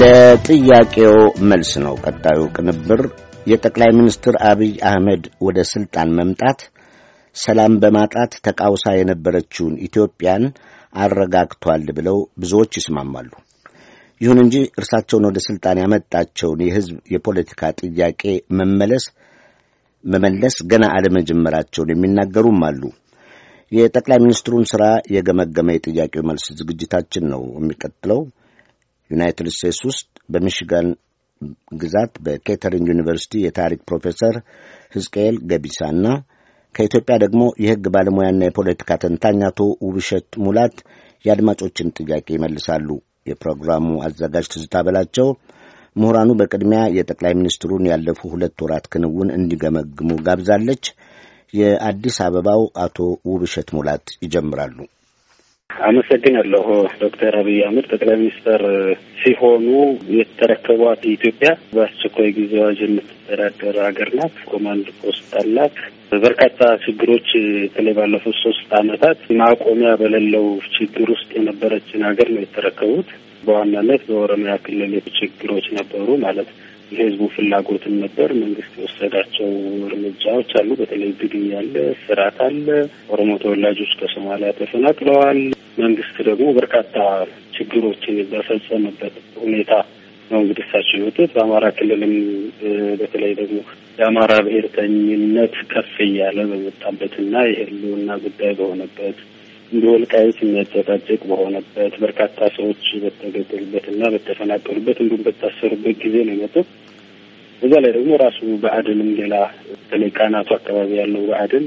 ለጥያቄው መልስ ነው ቀጣዩ ቅንብር። የጠቅላይ ሚኒስትር አብይ አህመድ ወደ ሥልጣን መምጣት ሰላም በማጣት ተቃውሳ የነበረችውን ኢትዮጵያን አረጋግቷል ብለው ብዙዎች ይስማማሉ። ይሁን እንጂ እርሳቸውን ወደ ሥልጣን ያመጣቸውን የሕዝብ የፖለቲካ ጥያቄ መመለስ መመለስ ገና አለመጀመራቸውን የሚናገሩም አሉ። የጠቅላይ ሚኒስትሩን ሥራ የገመገመ የጥያቄው መልስ ዝግጅታችን ነው የሚቀጥለው። ዩናይትድ ስቴትስ ውስጥ በሚሽጋን ግዛት በኬተሪንግ ዩኒቨርሲቲ የታሪክ ፕሮፌሰር ሕዝቅኤል ገቢሳና ከኢትዮጵያ ደግሞ የሕግ ባለሙያና የፖለቲካ ተንታኝ አቶ ውብሸት ሙላት የአድማጮችን ጥያቄ ይመልሳሉ። የፕሮግራሙ አዘጋጅ ትዝታ በላቸው ምሁራኑ በቅድሚያ የጠቅላይ ሚኒስትሩን ያለፉ ሁለት ወራት ክንውን እንዲገመግሙ ጋብዛለች። የአዲስ አበባው አቶ ውብሸት ሙላት ይጀምራሉ። አመሰግናለሁ። ዶክተር አብይ አህመድ ጠቅላይ ሚኒስትር ሲሆኑ የተረከቧት ኢትዮጵያ በአስቸኳይ ጊዜ አዋጅ የምትተዳደር ሀገር ናት። ኮማንድ ፖስት አላት። በርካታ ችግሮች በተለይ ባለፉት ሶስት አመታት ማቆሚያ በሌለው ችግር ውስጥ የነበረችን ሀገር ነው የተረከቡት። በዋናነት በኦሮሚያ ክልል ችግሮች ነበሩ ማለት የህዝቡ ፍላጎትን ነበር። መንግስት የወሰዳቸው እርምጃዎች አሉ። በተለይ ግድያ አለ፣ ስርዓት አለ። ኦሮሞ ተወላጆች ከሶማሊያ ተፈናቅለዋል። መንግስት ደግሞ በርካታ ችግሮችን በፈጸመበት ሁኔታ ነው እንግዲህ እሳቸው የወጡት። በአማራ ክልልም በተለይ ደግሞ የአማራ ብሔርተኝነት ከፍ እያለ በመጣበትና የህልውና ጉዳይ በሆነበት እንደ ወልቃይት የሚያጨቃጭቅ በሆነበት በርካታ ሰዎች በተገደሉበትና በተፈናቀሉበት እንዲሁም በታሰሩበት ጊዜ ነው የመጡት። እዛ ላይ ደግሞ ራሱ ብአዴንም ሌላ በተለይ ቃናቱ አካባቢ ያለው ብአዴን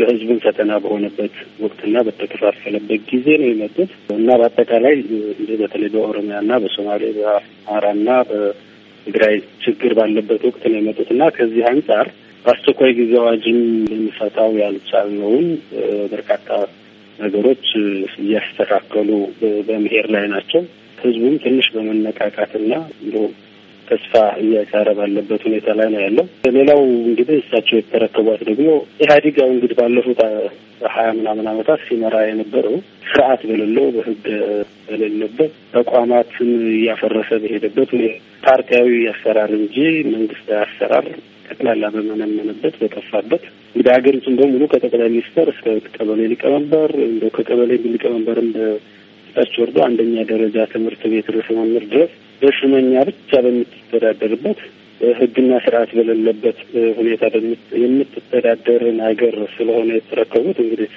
ለህዝብን ፈተና በሆነበት ወቅትና በተከፋፈለበት ጊዜ ነው የመጡት እና በአጠቃላይ እንደ በተለይ በኦሮሚያና በሶማሌ በአማራና በትግራይ ችግር ባለበት ወቅት ነው የመጡት እና ከዚህ አንጻር በአስቸኳይ ጊዜ አዋጅም ልንፈታው ያልቻልነውን በርካታ ነገሮች እያስተካከሉ በመሄድ ላይ ናቸው። ህዝቡም ትንሽ በመነቃቃትና ተስፋ እያጫረ ባለበት ሁኔታ ላይ ነው ያለው። ሌላው እንግዲህ እሳቸው የተረከቧት ደግሞ ኢህአዴግ ያው እንግዲህ ባለፉት ሀያ ምናምን አመታት ሲመራ የነበረው ስርዓት በሌለው በህግ በሌለበት ተቋማትን እያፈረሰ በሄደበት ፓርቲያዊ አሰራር እንጂ መንግስታዊ አሰራር ጠቅላላ በመነመንበት በጠፋበት እንግዲህ ሀገሪቱን በሙሉ ከጠቅላይ ሚኒስተር እስከ ቀበሌ ሊቀመንበር እንደ ከቀበሌ ሊቀመንበር እንደ ታች ወርዶ አንደኛ ደረጃ ትምህርት ቤት ርዕሰ መምህር ድረስ በሹመኛ ብቻ በምትተዳደርበት ህግና ስርዓት በሌለበት ሁኔታ የምትተዳደርን ሀገር ስለሆነ የተረከቡት እንግዲህ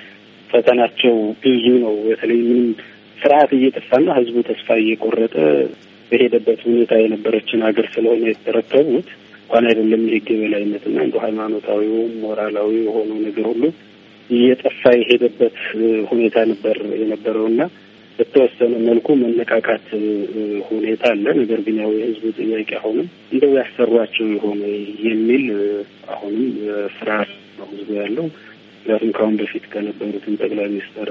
ፈተናቸው ብዙ ነው። በተለይ ምንም ስርዓት እየጠፋና ህዝቡ ተስፋ እየቆረጠ በሄደበት ሁኔታ የነበረችን ሀገር ስለሆነ የተረከቡት እንኳን አይደለም የህግ የበላይነትና እንደ ሃይማኖታዊውም ሞራላዊ የሆነው ነገር ሁሉ እየጠፋ የሄደበት ሁኔታ ነበር የነበረውና በተወሰነ መልኩ መነቃቃት ሁኔታ አለ። ነገር ግን ያው የህዝቡ ጥያቄ አሁንም እንደው ያሰሯቸው የሆነ የሚል አሁንም ፍርሃት ነው ህዝቡ ያለው። ምክንያቱም ከአሁን በፊት ከነበሩትን ጠቅላይ ሚኒስትር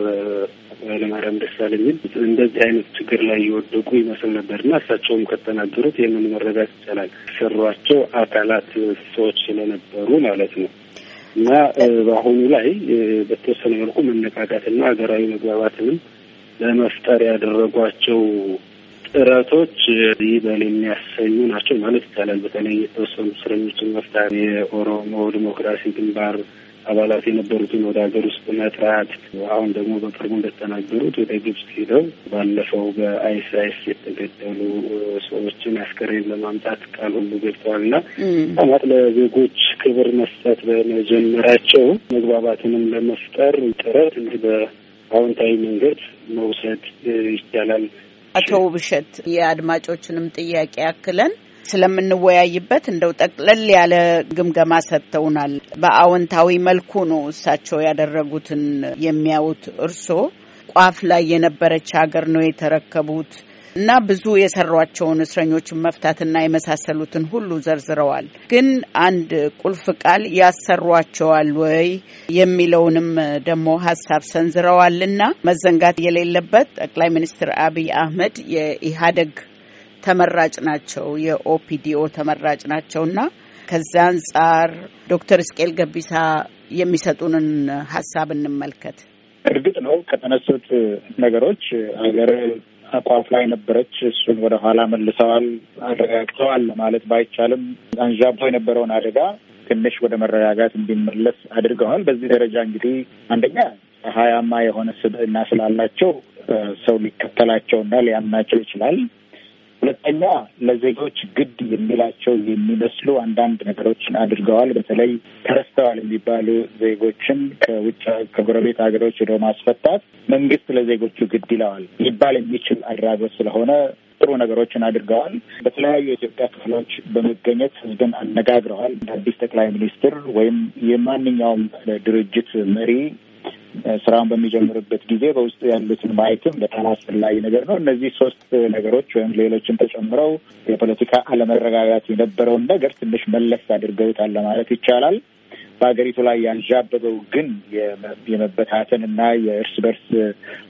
ኃይለማርያም ደሳለኝን እንደዚህ አይነት ችግር ላይ የወደቁ ይመስል ነበር እና እሳቸውም ከተናገሩት ይህንን መረዳት ይቻላል። ሰሯቸው አካላት ሰዎች ስለነበሩ ማለት ነው እና በአሁኑ ላይ በተወሰነ መልኩ መነቃቃትና ሀገራዊ መግባባትንም ለመፍጠር ያደረጓቸው ጥረቶች ይበል የሚያሰኙ ናቸው ማለት ይቻላል። በተለይ የተወሰኑ እስረኞችን መፍታት፣ የኦሮሞ ዲሞክራሲ ግንባር አባላት የነበሩትን ወደ ሀገር ውስጥ መጥራት፣ አሁን ደግሞ በቅርቡ እንደተናገሩት ወደ ግብጽ ሄደው ባለፈው በአይስአይስ የተገደሉ ሰዎችን አስከሬን ለማምጣት ቃል ሁሉ ገብተዋልና ማለት ለዜጎች ክብር መስጠት በመጀመራቸው መግባባትንም ለመፍጠር ጥረት እንዲህ በ በአዎንታዊ መንገድ መውሰድ ይቻላል። አቶ ውብሸት የአድማጮችንም ጥያቄ ያክለን ስለምንወያይበት እንደው ጠቅለል ያለ ግምገማ ሰጥተውናል። በአዎንታዊ መልኩ ነው እሳቸው ያደረጉትን የሚያዩት። እርስዎ ቋፍ ላይ የነበረች ሀገር ነው የተረከቡት። እና ብዙ የሰሯቸውን እስረኞችን መፍታትና የመሳሰሉትን ሁሉ ዘርዝረዋል። ግን አንድ ቁልፍ ቃል ያሰሯቸዋል ወይ የሚለውንም ደግሞ ሀሳብ ሰንዝረዋል። እና መዘንጋት የሌለበት ጠቅላይ ሚኒስትር አብይ አህመድ የኢህአዴግ ተመራጭ ናቸው፣ የኦፒዲኦ ተመራጭ ናቸው እና ከዚያ አንጻር ዶክተር እስቄል ገቢሳ የሚሰጡንን ሀሳብ እንመልከት። እርግጥ ነው ከተነሱት ነገሮች ሀገር አቋም ላይ ነበረች። እሱን ወደ ኋላ መልሰዋል፣ አረጋግተዋል ለማለት ባይቻልም አንዣብቶ የነበረውን አደጋ ትንሽ ወደ መረጋጋት እንዲመለስ አድርገዋል። በዚህ ደረጃ እንግዲህ አንደኛ ፀሐያማ የሆነ ስብዕና ስላላቸው ሰው ሊከተላቸውና ሊያምናቸው ይችላል። አንደኛ ለዜጎች ግድ የሚላቸው የሚመስሉ አንዳንድ ነገሮችን አድርገዋል። በተለይ ተረስተዋል የሚባሉ ዜጎችን ከውጭ ከጎረቤት ሀገሮች ወደ ማስፈታት መንግስት ለዜጎቹ ግድ ይለዋል ሊባል የሚችል አድራጎት ስለሆነ ጥሩ ነገሮችን አድርገዋል። በተለያዩ የኢትዮጵያ ክፍሎች በመገኘት ህዝብን አነጋግረዋል። እንደ አዲስ ጠቅላይ ሚኒስትር ወይም የማንኛውም ድርጅት መሪ ስራውን በሚጀምርበት ጊዜ በውስጡ ያሉትን ማየትም በጣም አስፈላጊ ነገር ነው። እነዚህ ሶስት ነገሮች ወይም ሌሎችም ተጨምረው የፖለቲካ አለመረጋጋት የነበረውን ነገር ትንሽ መለስ አድርገውታል ለማለት ይቻላል። በሀገሪቱ ላይ ያንዣበበው ግን የመበታተን እና የእርስ በርስ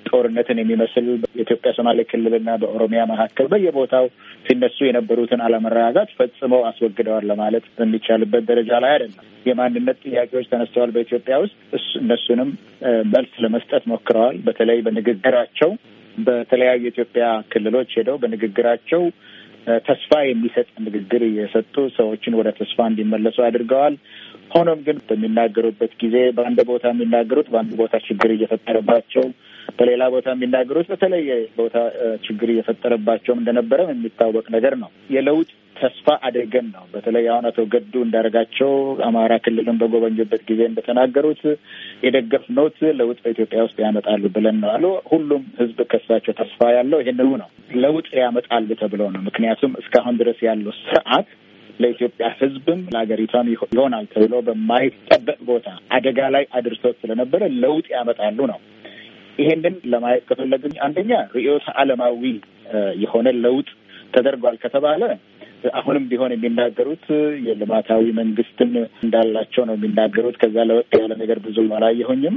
ጦርነትን የሚመስል በኢትዮጵያ ሶማሌ ክልልና በኦሮሚያ መካከል በየቦታው ሲነሱ የነበሩትን አለመረጋጋት ፈጽመው አስወግደዋል ለማለት በሚቻልበት ደረጃ ላይ አይደለም። የማንነት ጥያቄዎች ተነስተዋል በኢትዮጵያ ውስጥ እነሱንም መልስ ለመስጠት ሞክረዋል። በተለይ በንግግራቸው በተለያዩ የኢትዮጵያ ክልሎች ሄደው በንግግራቸው ተስፋ የሚሰጥ ንግግር እየሰጡ ሰዎችን ወደ ተስፋ እንዲመለሱ አድርገዋል። ሆኖም ግን በሚናገሩበት ጊዜ በአንድ ቦታ የሚናገሩት በአንድ ቦታ ችግር እየፈጠረባቸው በሌላ ቦታ የሚናገሩት በተለየ ቦታ ችግር እየፈጠረባቸውም እንደነበረም የሚታወቅ ነገር ነው። የለውጥ ተስፋ አድርገን ነው። በተለይ አሁን አቶ ገዱ እንዳደረጋቸው አማራ ክልልን በጎበኙበት ጊዜ እንደተናገሩት የደገፍነውት ለውጥ በኢትዮጵያ ውስጥ ያመጣሉ ብለን ነው አሉ። ሁሉም ሕዝብ ከሳቸው ተስፋ ያለው ይህንኑ ነው፣ ለውጥ ያመጣሉ ተብለው ነው። ምክንያቱም እስካሁን ድረስ ያለው ስርዓት ለኢትዮጵያ ሕዝብም ለሀገሪቷም ይሆናል ተብሎ በማይጠበቅ ቦታ አደጋ ላይ አድርሶት ስለነበረ ለውጥ ያመጣሉ ነው። ይሄንን ለማየት ከፈለግን አንደኛ ርዕዮተ ዓለማዊ የሆነ ለውጥ ተደርጓል ከተባለ አሁንም ቢሆን የሚናገሩት የልማታዊ መንግስትን እንዳላቸው ነው የሚናገሩት። ከዛ ለወጥ ያለ ነገር ብዙ አላየሁኝም።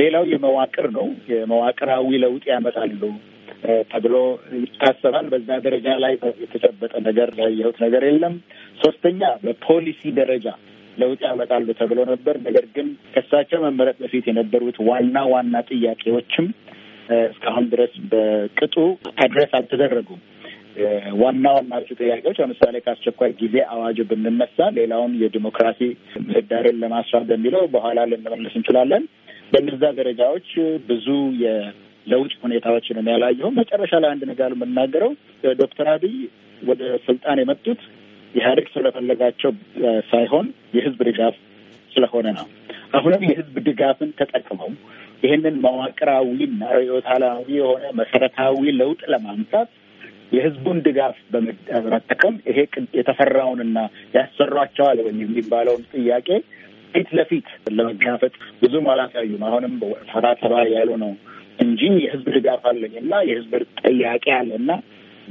ሌላው የመዋቅር ነው። የመዋቅራዊ ለውጥ ያመጣሉ ተብሎ ይታሰባል። በዛ ደረጃ ላይ የተጨበጠ ነገር ያየሁት ነገር የለም። ሶስተኛ በፖሊሲ ደረጃ ለውጥ ያመጣሉ ተብሎ ነበር። ነገር ግን ከእሳቸው መመረጥ በፊት የነበሩት ዋና ዋና ጥያቄዎችም እስካሁን ድረስ በቅጡ አድረስ አልተደረጉም። ዋና ዋናዎቹ ጥያቄዎች ለምሳሌ ከአስቸኳይ ጊዜ አዋጁ ብንነሳ ሌላውን የዲሞክራሲ ምህዳርን ለማስፋት በሚለው በኋላ ልንመለስ እንችላለን። በእነዛ ደረጃዎች ብዙ ለውጭ ሁኔታዎችንም ያላየሁም። መጨረሻ ላይ አንድ ነገር የምናገረው ዶክተር አብይ ወደ ስልጣን የመጡት ኢህአዴግ ስለፈለጋቸው ሳይሆን የህዝብ ድጋፍ ስለሆነ ነው። አሁንም የህዝብ ድጋፍን ተጠቅመው ይህንን መዋቅራዊና ርዕዮተ የሆነ መሰረታዊ ለውጥ ለማምጣት የህዝቡን ድጋፍ በመጠቀም ይሄ የተፈራውንና ያሰሯቸዋል የሚባለውን ጥያቄ ፊት ለፊት ለመጋፈጥ ብዙም አላሳዩም። አሁንም ፈራ ተባ ያሉ ነው እንጂ የህዝብ ድጋፍ አለኝ እና የህዝብ ጥያቄ አለ እና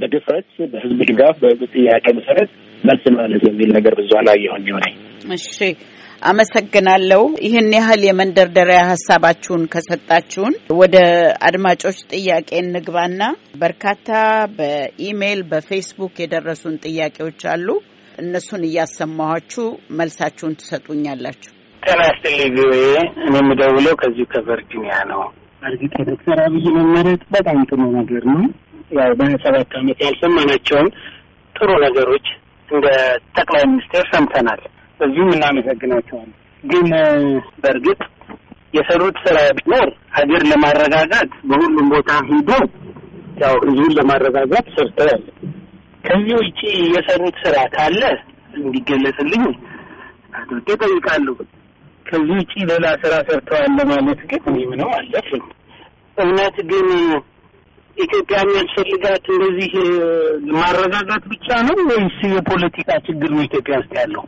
በድፍረት በህዝብ ድጋፍ በህዝብ ጥያቄ መሰረት መልስ ማለት የሚል ነገር ብዙ አላየሁኝ ሆነኝ። እሺ አመሰግናለሁ። ይህን ያህል የመንደርደሪያ ሀሳባችሁን ከሰጣችሁን ወደ አድማጮች ጥያቄ እንግባና በርካታ በኢሜይል በፌስቡክ የደረሱን ጥያቄዎች አሉ። እነሱን እያሰማኋችሁ መልሳችሁን ትሰጡኛላችሁ። ጤና ይስጥልኝ። ቪኦኤ እኔ የምደውለው ከዚሁ ከቨርጂኒያ ነው። እርግጥ የዶክተር አብይ መመረጥ በጣም ጥሩ ነገር ነው። ያው በሰባት ዓመት ያልሰማናቸውን ጥሩ ነገሮች እንደ ጠቅላይ ሚኒስቴር ሰምተናል። በዚሁም እናመሰግናቸዋል። ግን በእርግጥ የሰሩት ስራ ቢኖር ሀገር ለማረጋጋት በሁሉም ቦታ ሂዶ ያው ህዝቡን ለማረጋጋት ሰርተዋል። ከዚህ ውጭ የሰሩት ስራ ካለ እንዲገለጽልኝ አቶ ጠይቃለሁ። ከዚህ ውጪ ሌላ ስራ ሰርተዋል ለማለት ግን እኔ ነው አለፍም። እምነት ግን ኢትዮጵያ የሚያስፈልጋት እንደዚህ ማረጋጋት ብቻ ነው ወይስ የፖለቲካ ችግር ነው ኢትዮጵያ ውስጥ ያለው?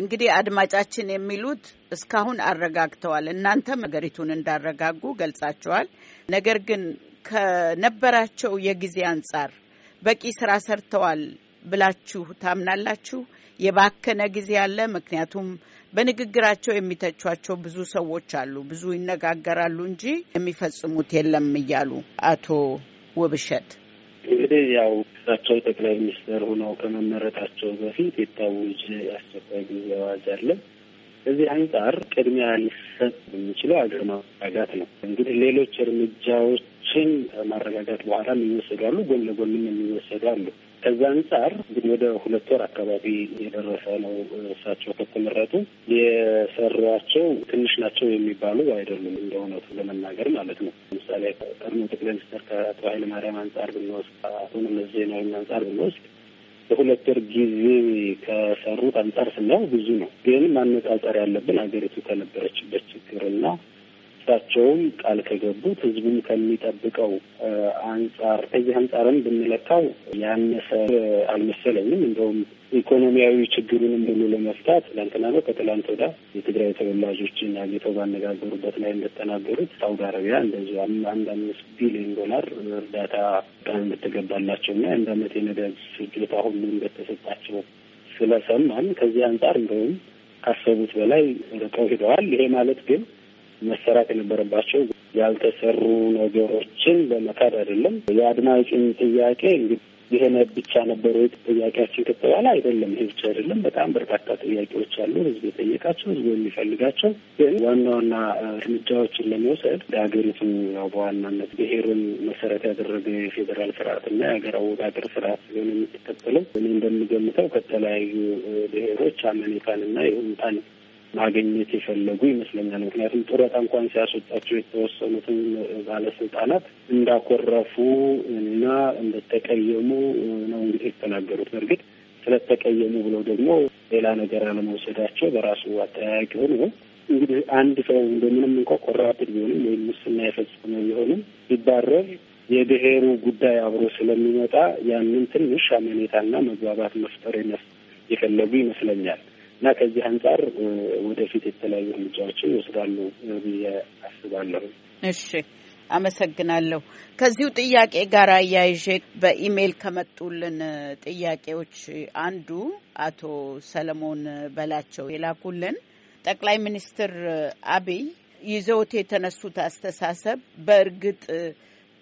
እንግዲህ አድማጫችን የሚሉት እስካሁን አረጋግተዋል። እናንተም ሀገሪቱን እንዳረጋጉ ገልጻቸዋል። ነገር ግን ከነበራቸው የጊዜ አንጻር በቂ ስራ ሰርተዋል ብላችሁ ታምናላችሁ? የባከነ ጊዜ አለ? ምክንያቱም በንግግራቸው የሚተቿቸው ብዙ ሰዎች አሉ። ብዙ ይነጋገራሉ እንጂ የሚፈጽሙት የለም እያሉ አቶ ውብሸት እንግዲህ ያው እሳቸው ጠቅላይ ሚኒስትር ሆነው ከመመረጣቸው በፊት የታወጀ አስቸኳይ ጊዜ አዋጅ አለ። ከዚህ አንጻር ቅድሚያ ሊሰጥ የሚችለው አገር ማረጋጋት ነው። እንግዲህ ሌሎች እርምጃዎችን ማረጋጋት በኋላ የሚወሰዱ አሉ፣ ጎን ለጎንም የሚወሰዱ አሉ። ከዛ አንጻር እንግዲህ ወደ ሁለት ወር አካባቢ የደረሰ ነው። እሳቸው ከተመረጡ የሰሯቸው ትንሽ ናቸው የሚባሉ አይደሉም፣ እንደ እውነቱ ለመናገር ማለት ነው። ለምሳሌ ቀድሞ ጠቅላይ ሚኒስትር ከአቶ ኃይለማርያም አንጻር ብንወስድ፣ አቶ መለስ ዜናዊ አንጻር ብንወስድ በሁለት ወር ጊዜ ከሰሩት አንጻር ስናየው ብዙ ነው። ግን ማነጻጸር ያለብን ሀገሪቱ ከነበረችበት ችግርና እሳቸውም ቃል ከገቡት ህዝቡም ከሚጠብቀው አንጻር ከዚህ አንጻርም ብንለካው ያነሰ አልመሰለኝም። እንደውም ኢኮኖሚያዊ ችግሩንም ሁሉ ለመፍታት ትላንትና ነው ከትላንት ወዳ የትግራይ ተወላጆችን አግኝተው ባነጋገሩበት ላይ እንደተናገሩት ሳውዲ አረቢያ እንደዚሁ አንድ አምስት ቢሊዮን ዶላር እርዳታ ቃል እንደተገባላቸውና አንድ አመት የነዳጅ ስጆታ ሁሉ እንደተሰጣቸው ስለሰማን ከዚህ አንጻር እንደውም ካሰቡት በላይ ርቀው ሂደዋል። ይሄ ማለት ግን መሰራት የነበረባቸው ያልተሰሩ ነገሮችን በመካድ አይደለም። የአድማጭን ጥያቄ እንግዲህ ይህን ብቻ ነበሩ ጥያቄያችን ከተባለ አይደለም። ይህ ብቻ አይደለም። በጣም በርካታ ጥያቄዎች አሉ፣ ህዝብ የጠየቃቸው፣ ህዝቡ የሚፈልጋቸው። ግን ዋና ዋና እርምጃዎችን ለመውሰድ ለሀገሪቱ ያው በዋናነት ብሄሩን መሰረት ያደረገ የፌዴራል ስርዓትና የሀገር አወቃቀር ስርዓት ሲሆን የምትከተለው እኔ እንደምገምተው ከተለያዩ ብሔሮች አመኔታንና ይሁንታን ማግኘት የፈለጉ ይመስለኛል። ምክንያቱም ጡረታ እንኳን ሲያስወጣቸው የተወሰኑትን ባለስልጣናት እንዳኮረፉ እና እንደተቀየሙ ነው እንግዲህ የተናገሩት። በእርግጥ ስለተቀየሙ ብለው ደግሞ ሌላ ነገር አለመውሰዳቸው በራሱ አጠያያቂ ሆኖ እንግዲህ አንድ ሰው እንደምንም እንኳ ኮራፕት ቢሆንም ወይም ሙስና የፈጸመ ቢሆንም ሲባረር የብሔሩ ጉዳይ አብሮ ስለሚመጣ ያንን ትንሽ አመኔታና መግባባት መፍጠር የፈለጉ ይመስለኛል። እና ከዚህ አንጻር ወደፊት የተለያዩ እርምጃዎችን ይወስዳሉ ብዬ አስባለሁ። እሺ አመሰግናለሁ። ከዚሁ ጥያቄ ጋር አያይዤ በኢሜይል ከመጡልን ጥያቄዎች አንዱ አቶ ሰለሞን በላቸው የላኩልን ጠቅላይ ሚኒስትር አብይ ይዘውት የተነሱት አስተሳሰብ በእርግጥ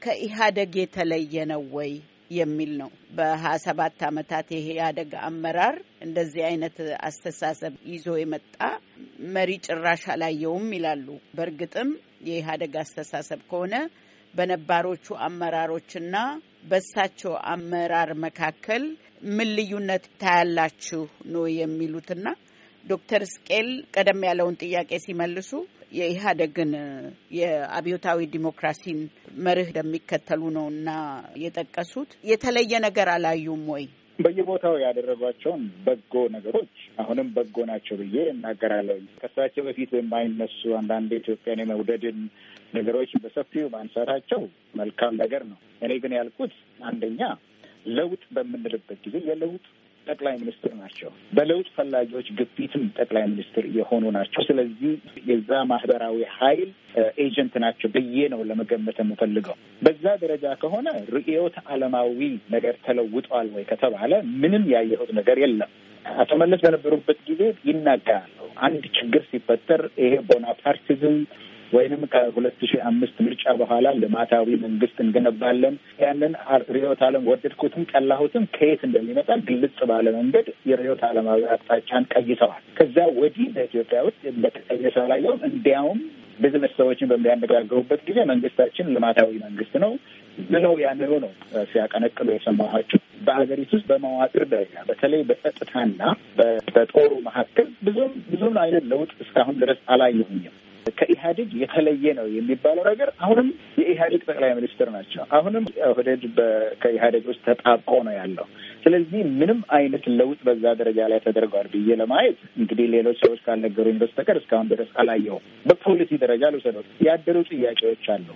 ከኢህአዴግ የተለየ ነው ወይ የሚል ነው። በሀያ ሰባት ዓመታት የአደግ አመራር እንደዚህ አይነት አስተሳሰብ ይዞ የመጣ መሪ ጭራሽ አላየውም ይላሉ። በእርግጥም የኢህአደግ አስተሳሰብ ከሆነ በነባሮቹ አመራሮችና በሳቸው አመራር መካከል ምን ልዩነት ታያላችሁ ነው የሚሉትና ዶክተር ስቄል ቀደም ያለውን ጥያቄ ሲመልሱ የኢህአዴግን የአብዮታዊ ዲሞክራሲን መርህ እንደሚከተሉ ነው እና የጠቀሱት የተለየ ነገር አላዩም ወይ? በየቦታው ያደረጓቸውን በጎ ነገሮች አሁንም በጎ ናቸው ብዬ እናገራለሁ። ከሳቸው በፊት የማይነሱ አንዳንድ ኢትዮጵያን የመውደድን ነገሮች በሰፊው ማንሳታቸው መልካም ነገር ነው። እኔ ግን ያልኩት አንደኛ ለውጥ በምንልበት ጊዜ የለውጥ ጠቅላይ ሚኒስትር ናቸው። በለውጥ ፈላጊዎች ግፊትም ጠቅላይ ሚኒስትር የሆኑ ናቸው። ስለዚህ የዛ ማህበራዊ ኃይል ኤጀንት ናቸው ብዬ ነው ለመገመት የምፈልገው። በዛ ደረጃ ከሆነ ርዕዮተ ዓለማዊ ነገር ተለውጧል ወይ ከተባለ ምንም ያየሁት ነገር የለም። አቶ መለስ በነበሩበት ጊዜ ይናገራሉ። አንድ ችግር ሲፈጠር ይሄ ቦናፓርቲዝም ወይንም ከሁለት ሺህ አምስት ምርጫ በኋላ ልማታዊ መንግስት እንገነባለን። ያንን ርዕዮተ ዓለም ወደድኩትም ጠላሁትም ከየት እንደሚመጣ ግልጽ ባለ መንገድ የርዕዮተ ዓለማዊ አቅጣጫን ቀይሰዋል። ከዛ ወዲህ በኢትዮጵያ ውስጥ በተቀየሰ ላየውም እንዲያውም ቢዝነስ ሰዎችን በሚያነጋግሩበት ጊዜ መንግስታችን ልማታዊ መንግስት ነው ብለው ያንኑ ነው ሲያቀነቅሉ የሰማኋቸው። በሀገሪቱ ውስጥ በመዋቅር ደረጃ በተለይ በጸጥታና በጦሩ መካከል ብዙም ብዙም አይነት ለውጥ እስካሁን ድረስ አላየሁኝም። ከኢህአዴግ የተለየ ነው የሚባለው ነገር አሁንም የኢህአዴግ ጠቅላይ ሚኒስትር ናቸው። አሁንም ኦህዴድ ከኢህአዴግ ውስጥ ተጣብቆ ነው ያለው። ስለዚህ ምንም አይነት ለውጥ በዛ ደረጃ ላይ ተደርጓል ብዬ ለማየት እንግዲህ ሌሎች ሰዎች ካልነገሩኝ በስተቀር እስካሁን ድረስ አላየሁም። በፖሊሲ ደረጃ ልውሰዶት ያደሩ ጥያቄዎች አሉ።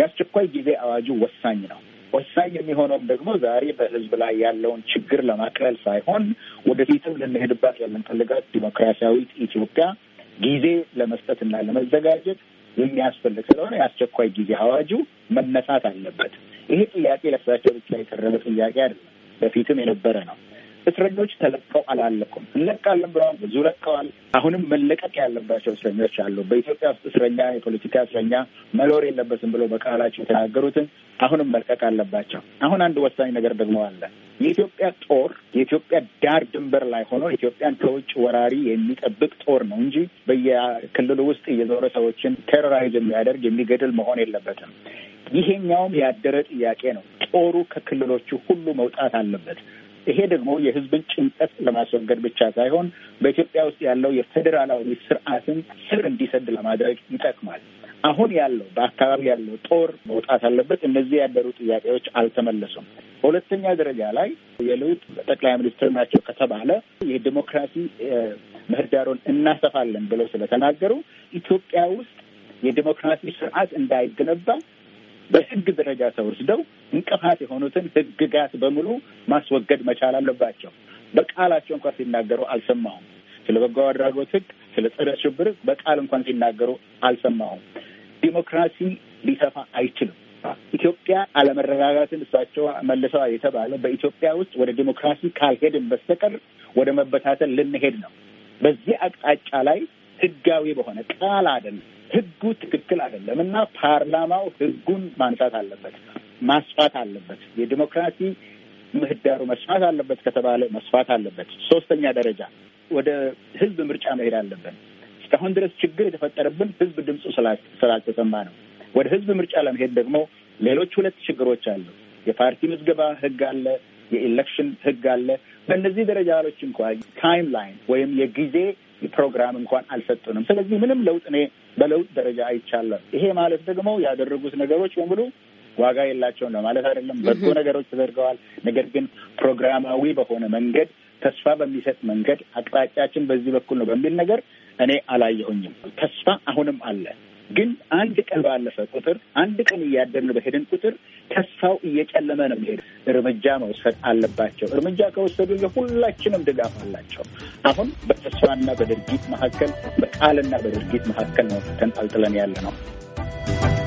የአስቸኳይ ጊዜ አዋጁ ወሳኝ ነው። ወሳኝ የሚሆነውም ደግሞ ዛሬ በህዝብ ላይ ያለውን ችግር ለማቅለል ሳይሆን ወደፊትም ልንሄድባት የምንፈልጋት ዲሞክራሲያዊት ኢትዮጵያ ጊዜ ለመስጠትና ለመዘጋጀት የሚያስፈልግ ስለሆነ የአስቸኳይ ጊዜ አዋጁ መነሳት አለበት። ይሄ ጥያቄ ለእሳቸው ብቻ የቀረበ ጥያቄ አይደለም፣ በፊትም የነበረ ነው። እስረኞች ተለቀው አላለቁም። እንለቃለን ብለዋል፣ ብዙ ለቀዋል። አሁንም መለቀቅ ያለባቸው እስረኞች አሉ። በኢትዮጵያ ውስጥ እስረኛ የፖለቲካ እስረኛ መኖር የለበትም ብለው በቃላቸው የተናገሩትን አሁንም መልቀቅ አለባቸው። አሁን አንድ ወሳኝ ነገር ደግሞ አለ። የኢትዮጵያ ጦር የኢትዮጵያ ዳር ድንበር ላይ ሆኖ ኢትዮጵያን ከውጭ ወራሪ የሚጠብቅ ጦር ነው እንጂ በየክልሉ ውስጥ እየዞረ ሰዎችን ቴሮራይዝ የሚያደርግ የሚገድል መሆን የለበትም። ይሄኛውም ያደረ ጥያቄ ነው። ጦሩ ከክልሎቹ ሁሉ መውጣት አለበት። ይሄ ደግሞ የህዝብን ጭንቀት ለማስወገድ ብቻ ሳይሆን በኢትዮጵያ ውስጥ ያለው የፌዴራላዊ ስርዓትን ስር እንዲሰድ ለማድረግ ይጠቅማል። አሁን ያለው በአካባቢ ያለው ጦር መውጣት አለበት። እነዚህ ያደሩ ጥያቄዎች አልተመለሱም። በሁለተኛ ደረጃ ላይ የለውጥ ጠቅላይ ሚኒስትር ናቸው ከተባለ የዲሞክራሲ ምህዳሩን እናሰፋለን ብለው ስለተናገሩ ኢትዮጵያ ውስጥ የዲሞክራሲ ስርዓት እንዳይገነባ በህግ ደረጃ ተወስደው እንቅፋት የሆኑትን ህግጋት በሙሉ ማስወገድ መቻል አለባቸው። በቃላቸው እንኳን ሲናገሩ አልሰማሁም። ስለ በጎ አድራጎት ህግ፣ ስለ ጸረ ሽብር በቃል እንኳን ሲናገሩ አልሰማሁም። ዲሞክራሲ ሊሰፋ አይችልም። ኢትዮጵያ አለመረጋጋትን እሳቸው መልሰዋል የተባለ በኢትዮጵያ ውስጥ ወደ ዲሞክራሲ ካልሄድን በስተቀር ወደ መበታተል ልንሄድ ነው። በዚህ አቅጣጫ ላይ ህጋዊ በሆነ ቃል አይደለም። ህጉ ትክክል አደለም እና ፓርላማው ህጉን ማንሳት አለበት፣ ማስፋት አለበት። የዲሞክራሲ ምህዳሩ መስፋት አለበት ከተባለ መስፋት አለበት። ሶስተኛ ደረጃ ወደ ህዝብ ምርጫ መሄድ አለብን። እስካሁን ድረስ ችግር የተፈጠረብን ህዝብ ድምፁ ስላልተሰማ ነው። ወደ ህዝብ ምርጫ ለመሄድ ደግሞ ሌሎች ሁለት ችግሮች አሉ። የፓርቲ ምዝገባ ህግ አለ፣ የኤሌክሽን ህግ አለ። በእነዚህ ደረጃዎች እንኳ ታይም ላይን ወይም የጊዜ ፕሮግራም እንኳን አልሰጡንም። ስለዚህ ምንም ለውጥ እኔ በለውጥ ደረጃ አይቻለም። ይሄ ማለት ደግሞ ያደረጉት ነገሮች በሙሉ ዋጋ የላቸውም ለማለት አይደለም። በጎ ነገሮች ተደርገዋል። ነገር ግን ፕሮግራማዊ በሆነ መንገድ፣ ተስፋ በሚሰጥ መንገድ አቅጣጫችን በዚህ በኩል ነው በሚል ነገር እኔ አላየሁኝም። ተስፋ አሁንም አለ። ግን አንድ ቀን ባለፈ ቁጥር አንድ ቀን እያደርን በሄድን ቁጥር ተስፋው እየጨለመ ነው ሄድ እርምጃ መውሰድ አለባቸው። እርምጃ ከወሰዱ የሁላችንም ድጋፍ አላቸው። አሁን በተስፋና በድርጊት መካከል፣ በቃልና በድርጊት መካከል ነው ተንጠልጥለን ያለ ነው።